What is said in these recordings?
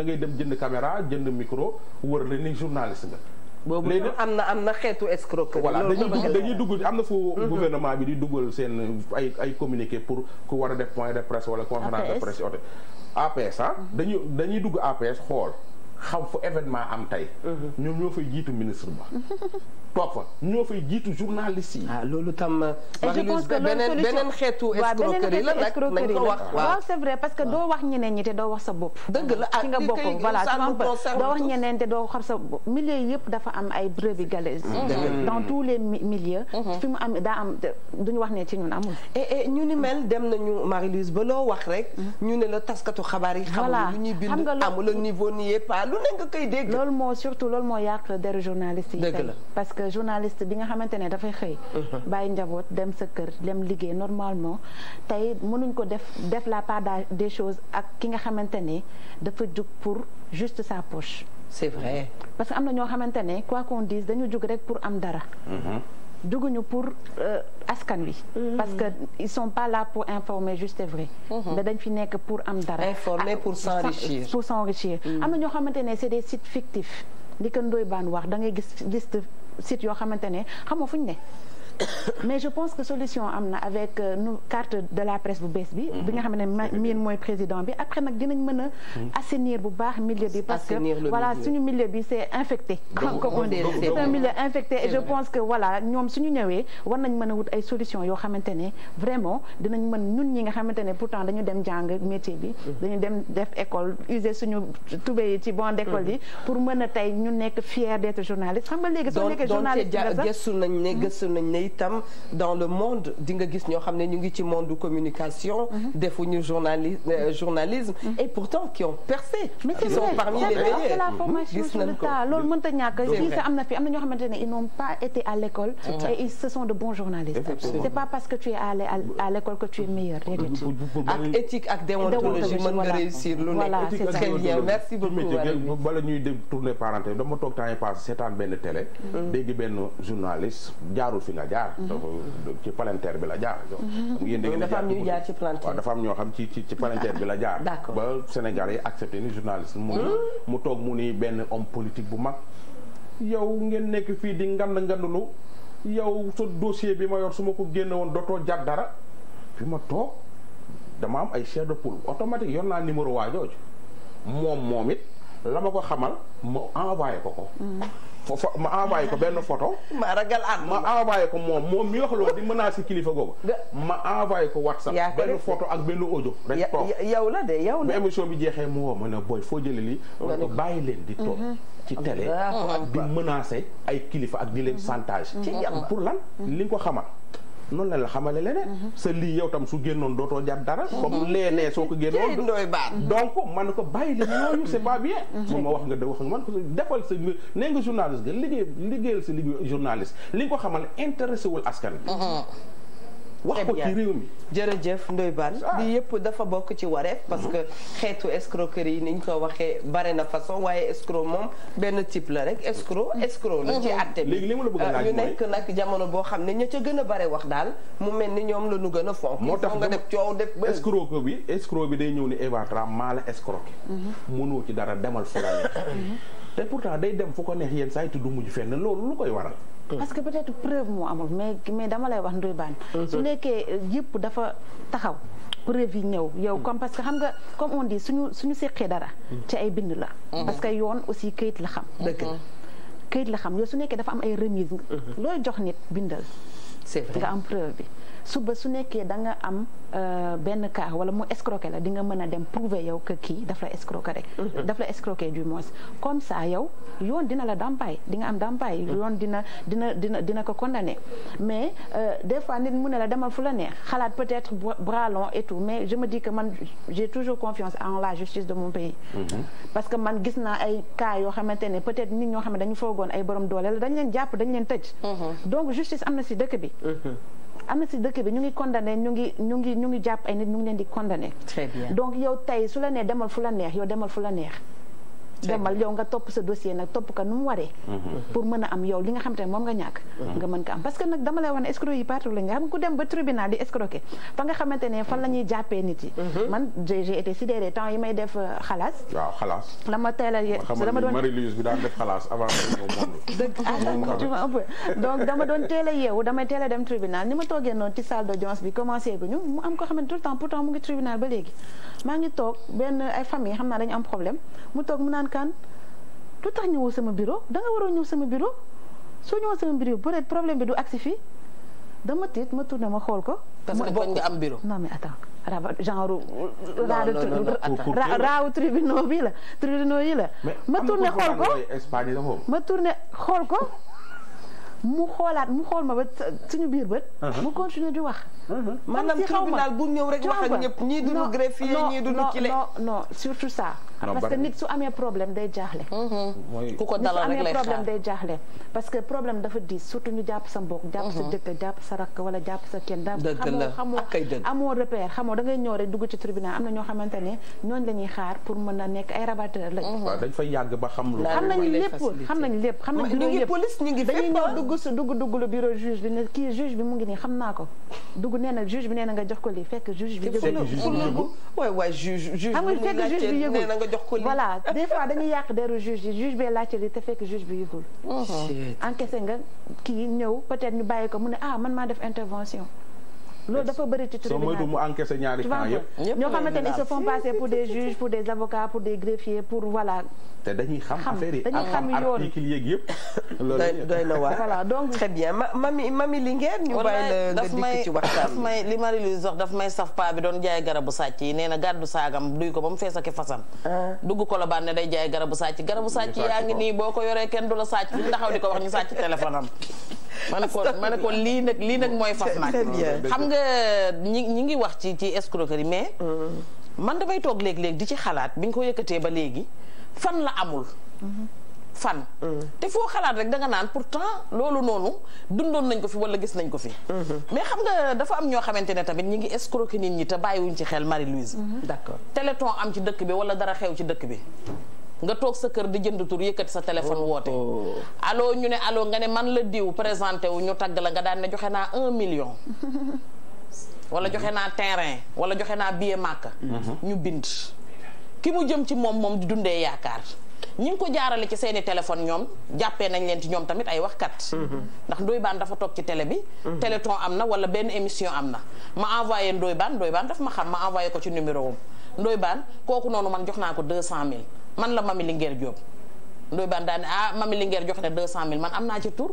da ngay dem jënd caméra jënd micro wër la ni journaliste nga. boobu am na am na xeetu escroquerie. voilà dañuy dugg dañuy dugg am na fu. Mhm. gouvernement bi di dugal seen ay communiquer pour ku war a def point de presse wala conférence de presse. p ah. Mhm. dañuy dañuy dugg APS xool xam fu événement am tey. Mhm. ñoom ñoo fay jiitu ministre ba. toog fa ñoo fay jiitu journaliste ah, loolu tam. Euh, et beneen beneen xeetu. escroquerie la nag nañ ko wax waaw c'est vrai parce que doo wax ñeneen ñi te doo wax sa bopp. dëgg la ah nga bokk voilà doo wax ñeneen te doo xam sa bopp milieu yëpp dafa am ay brebis galeuses. Mm-hmm. dans tous les milieux. Mm-hmm. fi mu am daa am duñu wax ne ci ñun amul. ñu ni mel dem nañu Marie-Louise ba loo wax rek. Mm-hmm. ñu ne la taskatu xabaar yi. voilà xam nga lu ñuy bind amul niveau nii pas lu ne nga koy dégg. loolu moo surtout loolu moo yàq der journaliste yi. dëgg la que journaliste bi nga xamante ne dafay xëy. Uh-huh. bàyyi njaboot dem sa kër dem liggéey normalement tey mënuñ ko def def la part des choses ak ki nga xamante ne dafa jug pour juste sa poche. c'est parce que am na ñoo xamante ne quoi qu'on dise jug rek pour am dara. Uh-huh. juguñu pour euh, uh-huh. pour informer juste et vrai. mais dañ fi nekk pour am dara. Ah, s'enrichir mm. am na ñoo xamante c'est des sites fictifs. li ko Ndoye Bane wax da gis liste site yoo xamante ne xamoo fu ñu ne mais je pense que solution am na avec euh, nu carte de la presse bu bees bi mm-hmm. bi nga xam ne miin mooy président bi après nag dinañ mën a mm-hmm. assainir bu baax milieu bi parce que voilà suñu milieu bi c'est infecté comme on dit c'est un infecté et je pense que voilà ñoom suñu ñëwee war nañ mën a wut ay solution yoo xamante ne vraiment dinañ mën ñun ñi nga xamante ne pourtant dañu dem jàng métier bi mm-hmm. dañu dem def école user suñu tubé yi ci banc d'école yi pour mën a tey ñu nekk fier d'être journaliste xam nga léegi soo nekkee journaliste gëstu nañ nañ itam dans le monde di nga gis ñoo xam ne ñu ngi ci monde communication. Mhm. defuñu journali euh, journalisme. Mhm. et pourtant qui ont percé. qui sont parmi les meilleurs gis nañ ko loolu mënut a ñàkk si am na ñoo xamante ne ils n'ont pas été à l'école et ils se de bons journalistes. c'est pas parce que tu es à l'école que tu es déontologie mën nga réussir lu nekk. bien merci beaucoup. bala ñuy dégg tourner parenthèse dama toog temps yi passé jaar. Mhm. dafa euh, ci palanteer bi la jaar. Mhm. xam ngeen da ngeen dafa am ñuy ci palanteer waaw dafa am ñoo xam ci ci ci palanteer bi la jaar. ba Sénégal yi accepté ni journaliste mu mhm. mu toog mu ni benn homme politique bu mag. yow ngeen nekk fii di ngand ngandulu yow sa dossier bi ma yor su ma ko génne woon dootoo jar dara fi ma toog dama am ay chair de poule automatique yoon naa numéro waa moom moom it la ma ko xamal ma envoyé ko ko. fo ma envoyé ko benn photo. ma ragal ànd ma envoyé ko moom moom mi wax loolu di menacer kilifa googu. ma envoyé ko WhatsApp. benn photo ak benn audio. rek toog yow la de yow la. émission bi jeexee mu woo ma ne booy foo jëlee lii. bàyyi leen di toog. Mm-hmm. ci télé di menacer ay kilifa ak di leen mm-hmm. chantage. Mm-hmm. ci yàlla pour lan li nga ko xamal. noonu la la xamale leneen mhm. sa lii yow tam su génnoon dootoo jàpp dara mhm. comme leenee soo ko génnoon dooy baat mhm. donc man na ko bàyyi li yooyu c'est pas bien moom ma wax nga da wax nga man ko defal sa nee nga journaliste nga liggéey liggéeyal sa liggéey journaliste li nga ko xamal intéressé wul askan wax ko ci réew mi jërëjëf Ndoye Bane ah. lii yëpp dafa bokk ci wareef parce que xeetu escroquerie yi ni ñu ko waxee bari na façon waaye escroc moom benn type la rek escroc escroc la ci mm-hmm. àtte bi léegi li ma la bëgg a laaj ah, ñu jamono boo xam ne ña ca gën a bare wax daal mu mel ñoom la ñu gën a fonk moo tax nga def coow def ba escroc bi escroc bi day ñëw ni Eva Tra maa la escroqué mm-hmm. mënoo ci dara demal fu la mm-hmm. te pourtant day dem fu ko neex yenn saa yi du mujj fenn loolu lu koy waral parce que peut-être preuve moo amul mais mais dama lay wax nduy baan su nekkee euh, yëpp dafa taxaw preuve yi ñëw yow comme parce que xam nga comme on dit suñu suñu seqee dara mm. ci ay bind la mm-hmm. parce que yoon aussi kayit la xam mm-hmm. kayit la xam yow su nekkee dafa am ay remise mm-hmm. looy jox nit bindal c'est vrai nga am preuve bi suba su nekkee da nga am euh, benn cas wala mu escroqué la di nga mën a dem prouver yow que kii daf la escroqué rek. Mm-hmm. daf la escroqué du moins comme ça yow yoon dina la dàmpaay di nga am dàmpaay. Mm-hmm. yoon dina dina dina dina ko condamné mais euh, des fois nit mu ne la demal fu la neex xalaat peut-être bras long et tout mais je me dis que man j'ai toujours confiance en la justice de mon pays. Mm-hmm. parce que man gis naa ay cas yoo xamante ne peut-être nit ñoo xam ne dañu foogoon ay borom doole la dañ leen jàp dañ leen tëj. donc justice am na ci dëkk bi. am na si dëkk bi ñu ngi condamné ñu ngi ñu ngi ñu ngi jàpp ay nit ñu ngi leen di condamné. très donc yow tey su la nee demal fu la neex yow demal fu la neex. demal yow nga topp sa dossier nag topp ko nu mu waree mhm. pour mën a am yow li nga xam te ne moom nga ñàkk mhm. nga mën ko am parce que nag dama lay wax ne xam ku ne fan la ñuy jàppee nit yi mhm. man j'ai été temps yi may def euh, xalaas waaw xalaas la ma teel a dama doon bi daan def xalaas avant ah, doon teel a yeewu damay teel a dem tribunal ni ma toogee noonu ci salle d'audience commencé guñu mu am ko xamante tout le temps pourtant mu ngi tribunal ba léegi maa ngi toog benn ay famille xam naa dañu am problème mu toog mu naan kan lu tax ñëwoo sama bureau da nga waroon ñëw sama bureau soo ñëwoon sama bureau peut-être problème bi du agsi fii dama tiit ma tourné ma xool ko. parce que bañ nga am bureau. non mais attends raba genre. raawu tribunaux bi la tribunaux yi la. ma tourné xool ko ma tourné xool ko. mu xoolaat mu xool ma ba suñu biir bët. Uh-huh. mu continuer di wax. Uh-huh. maanaam tribunal bu ñëw rek wax ak ñëpp ñii duñu greffier ñii duñu kile non non surtout ça. parce su amee problème day jaaxle. Uh-huh. ku ko dalal rek lay xaar nit su amee problème day parce que problème dafa diis surtout ñu jàpp sa mbokk. jàpp sa jëkkër jàpp sa rakk wala jàpp sa kenn. dëgg la ak kay dëgg amoo repère xamoo da ngay ñëw rek dugg ci tribunal am na ñoo xamante ne ñooñu la ñuy xaar pour mën a nekk ay rabatteur lañ. waaw dañ fay yàgg ba xam lu. xam nañu lépp xam nañu lépp xam nañu lépp. ñu ngi police ñu ngi fépp dugg su dugg dugg lu bureau juge bi ne kii juge bi mu ngi nii xam naa ko dugg nee na juge bi nee na nga jox ko lii fekk juge bi yëgul waay waay juge juge nga bi yëgul nee na jox ko lii yàq deru juge yi juge bee laajte te fekk juge bi yëgul oh. encaissé nga kii ñëw peut-être ñu bàyyi ko mu ne ah man maa def intervention loolu dafa bëri ci tribunal soo moytu mu encaissé ñaari temps yëpp ñoo xamante ne ils se font passer pour des juges pour des te dañuy xam affaire yi dañuy xam yoon article yëpp loolu doy na waar voilà donc très bien mami mami li ngeen ñu bàyyi may li mari lu sax daf may saf paa bi doon jaay garabu sàcc yi nee na gàddu saagam duy ko ba mu fees ak fasan ah. dugg ko la baan ne day jaay garabu sàcc garabu sàcc yaa ngi nii boo ko yoree kenn du la sàcc ndaxaw di ko wax ñu sàcc téléphone man ko man ko lii nag lii nag mooy fas nag xam nga ñi ñi ngi wax ci ci escroquerie mais mm-hmm. man damay toog léeg-léeg di ci xalaat bi nga ko yëkkatee ba léegi fan la amul mm-hmm. fan mm-hmm. te foo xalaat rek da nga naan pourtant loolu noonu dundoon nañ ko fi wala gis nañ ko fi mais xam nga dafa am ñoo xamante ne tamit ñi ngi escroquer nit ñi te bàyyiwuñ ci xel Marie Louise d'accord téléthon am ci dëkk bi wala dara xew ci dëkk bi nga toog sa kër di jënd tur yëkkati sa téléphone oh, woote oh. allo ñu ne allo nga ne man la diw présenté wu ñu tagg la nga daan ne joxe naa un million wala joxe naa terrain wala joxe naa billet màkka mhm. ñu bind ki mu jëm ci moom moom di dundee yaakaar ñi ngi ko jaarale ci seeni téléphone ñoom jàppee nañ leen ci ñoom tamit ay waxkat mhm. ndax Ndoye Bane dafa toog ci tele bi mhm. téléthon am na wala benn émission am na ma envoyé Ndoye Bane Ndoye Bane daf ma xam ma envoyé ko ci numéro am Ndoye kooku noonu man jox naa ko deux cent mille man la mami Linguère Diop ndoy baan daane ah mami Linguère jox ne deux cent mille man am naa ci tur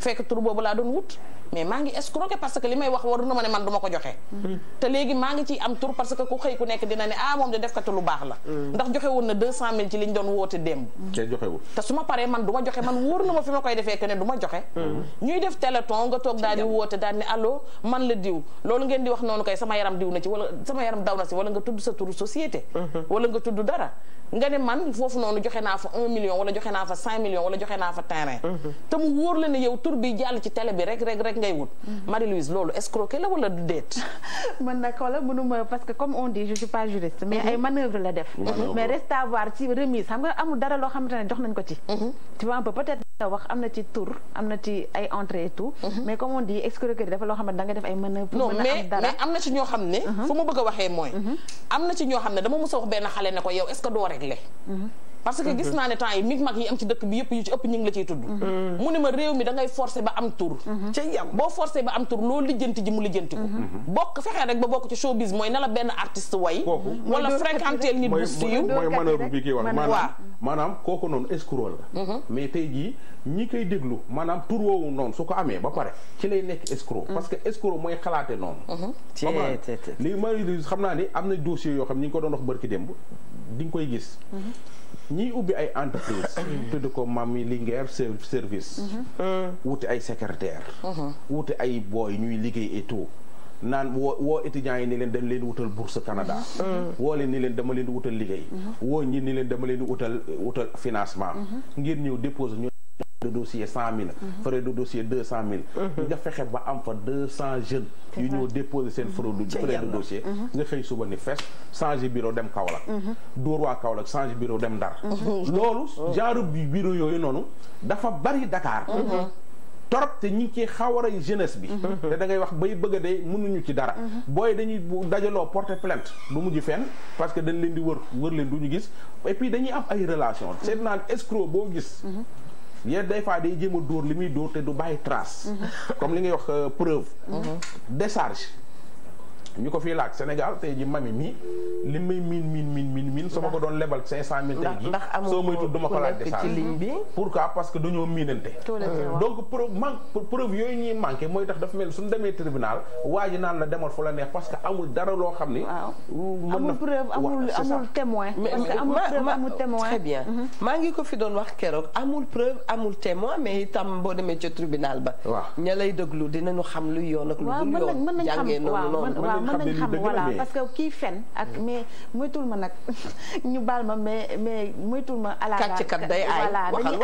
fekk tur boobu laa doon wut mais maa ngi escroqué parce que li may wax waru na ma ne man du ma ko joxe. te léegi maa ngi ciy am tur parce que ku xëy ku nekk dina ne ah moom de def katu lu baax la. Mm. ndax joxe woon na 200000 ci ma joxe man wóor na koy defee que ne du ma joxe. Mm. ñuy def téléthon nga toog daal di woote daal di ne allo man la diw loolu ngeen di wax noonu kay sama yaram diw na ci wala sama yaram daw na si wala nga sa turu société. Mm-hmm. wala nga tudd dara. nga man foofu noonu joxe million wala joxe naa fa cinq million wala joxe naa fa terrain. Mm-hmm. te mu wóor la ne yow tur bi jàll ci télé bi rek rek rek ngay wut. Mhm. Marie Louise loolu escroquer la wala déet. man nag wala mënuma parce que comme on dit je suis pas juriste. mais mhm. ay manœuvre la def. mais reste ci remise xam nga amul dara loo xamante ne jox nañ ko ci. Mhm. tu vois un peu peut-être wax am na ci tour am na ci ay entrée et tout. mais comme on dit escroquerie dafa loo xam ne da def ay manœuvre. a mais am na ci ñoo xam ne. fu ma bëgg a waxee mooy. am na ci ñoo xam ne dama mës a wax benn xale ne ko yow parce que gis naa ne temps yi mig yi am ci dëkk bi yëpp yu ci ëpp ñu la ciy tudd mm-hmm. mu ne ma réew mi da ngay ba am tur mm-hmm. ca yam boo forcé ba am tur loolu lijjanti ji mu lijjanti ko mm-hmm. bokk fexee rek ba bokk ci showbiz mooy na la benn artiste way wala fréquenteel nit bu siiw mooy manœuvre bi kii wax maanaam maanaam kooku noonu escroc la mais tey jii ñi koy déglu maanaam tur woowu noonu su ko amee ba pare ci lay nekk escroc parce que escroc mooy xalaate noonu na yoo xam ni ko di nga koy gis. ñiy ubbi ay entreprise tudd ko Mami Linguère service. Mm-hmm. Mm. wuti ay secrétaire. Mm-hmm. wuti ay booy ñuy liggéey et tout. naan woo woo ni leen dañ leen wutal bourse Canada. Mm-hmm. woo leen ni leen dama leen di wutal liggéey. woo ñi ni leen dama leen di wutal wutal financement. ngir ñëw déposer ñu. de dossier cent mille mhm. frais de dossier deux cent mille mhm. nga fexe ba am fa deux cent jeunes yu ñëw déposer seen fraude frais de dossier mhm. nga xëy suba ni fees changer bureau dem Kaolack dóor waa Kaolack changer bureau dem Ndar loolu genre bureau yooyu noonu dafa bari Dakar torop te ñi ngi ciy jeunesse bi te da ngay wax bay bëgg a dee mënuñu ci dara booy dañuy dajaloo porter plainte du mujj fenn parce que leen di wër wër leen du gis et puis dañuy am ay relation yéen day fois day jéem a dóor li muy dóor te du bàyyi trace. Mhm. comme li ngay wax euh, preuve. Mhm. décharge. ñu ko fii laaj Sénégal tey ji mami mii li may miin miin miin miin miin su ma ko doon lebal cinq cent mille tey ji soo moytu duma ko laaj ci ligne bi pourquoi parce que dañoo miinante donc preuve manque preuve yooyu ñuy mooy tax dafa mel suñu demee tribunal waa ji naan la demal fu la neex parce que amul dara loo xam ni amul preuve amul amul témoin amul témoin très bien mhm. maa ngi ko fi doon wax keroog amul preuve amul témoin mais itam boo demee ca tribunal ba ña lay déglu dinañu xam lu yoon ak lu dul yoon jàngee mën nañ xam voilà parce que kii fen ak mm. mais moytul ma nag ñu baal ma mais mais moytul ma ala kàcc kat day aay voilà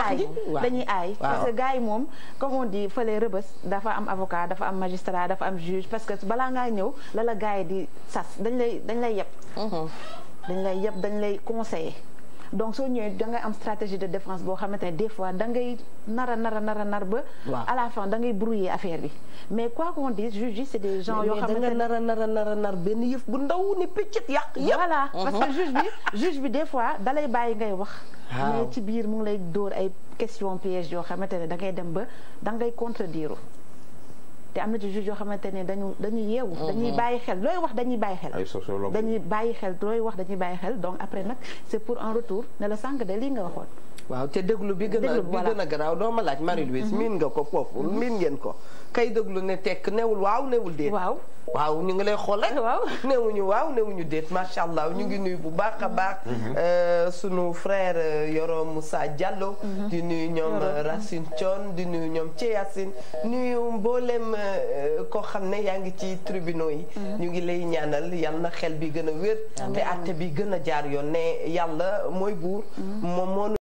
dañuy aay parce que gars yi moom comme on dit fële rëbës dafa am avocat dafa am magistrat dafa am juge parce que balaa ngaa ñëw la la gars yi di sas dañ lay dañ lay yeb mm-hmm. dañ lay yeb dañ lay conseiller donc soo ñëwee da am stratégie de défense boo xamante ne des fois da nara nara nara nar ba. à la fin da ngay brouiller affaire bi mais quoi qu'on dise juge yi c'est des gens yoo xamante ne mais nara nara nara benn yëf bu ndaw ni piccit yàq yëpp. voilà mhm. parce que juge bi des fois da bàyyi ngay wax. mais ci biir mu ngi lay dóor ay question piège yoo xamante ne da ngay dem ba da contre contredire. te am na ci juge yoo xamante ne dañu dañuy yeewu. Mm-hmm. dañuy bàyyi xel looy wax dañuy bàyyi xel. ay sociologue dañuy bàyyi xel looy wax dañuy bàyyi xel donc après nag c'est pour un retour ne la sànq de lii nga waxoon. waaw te déglu bi gën a bi gën doo ma laaj Marie-Louise mm-hmm. miin nga ko foofu miin ngeen ko kay déglu ne tekk newul waaw newul déet waaw waaw ñu ngi lay xool rek waaw newuñu waaw newuñu déet macha allah ñu ngi mm-hmm. nuyu bu baax a baax mm-hmm. euh, sunu frère euh, Yoro Moussa Diallo di nuyu ñoom euh, Racine Thion di nuy ñoom Thiassine nuyu mboolem koo xam ne yaa ngi ci tribunaux yi ñu ngi lay ñaanal yal na xel bi gën a wér te àtte bi gën a jaar yoon ne yàlla mooy buur moom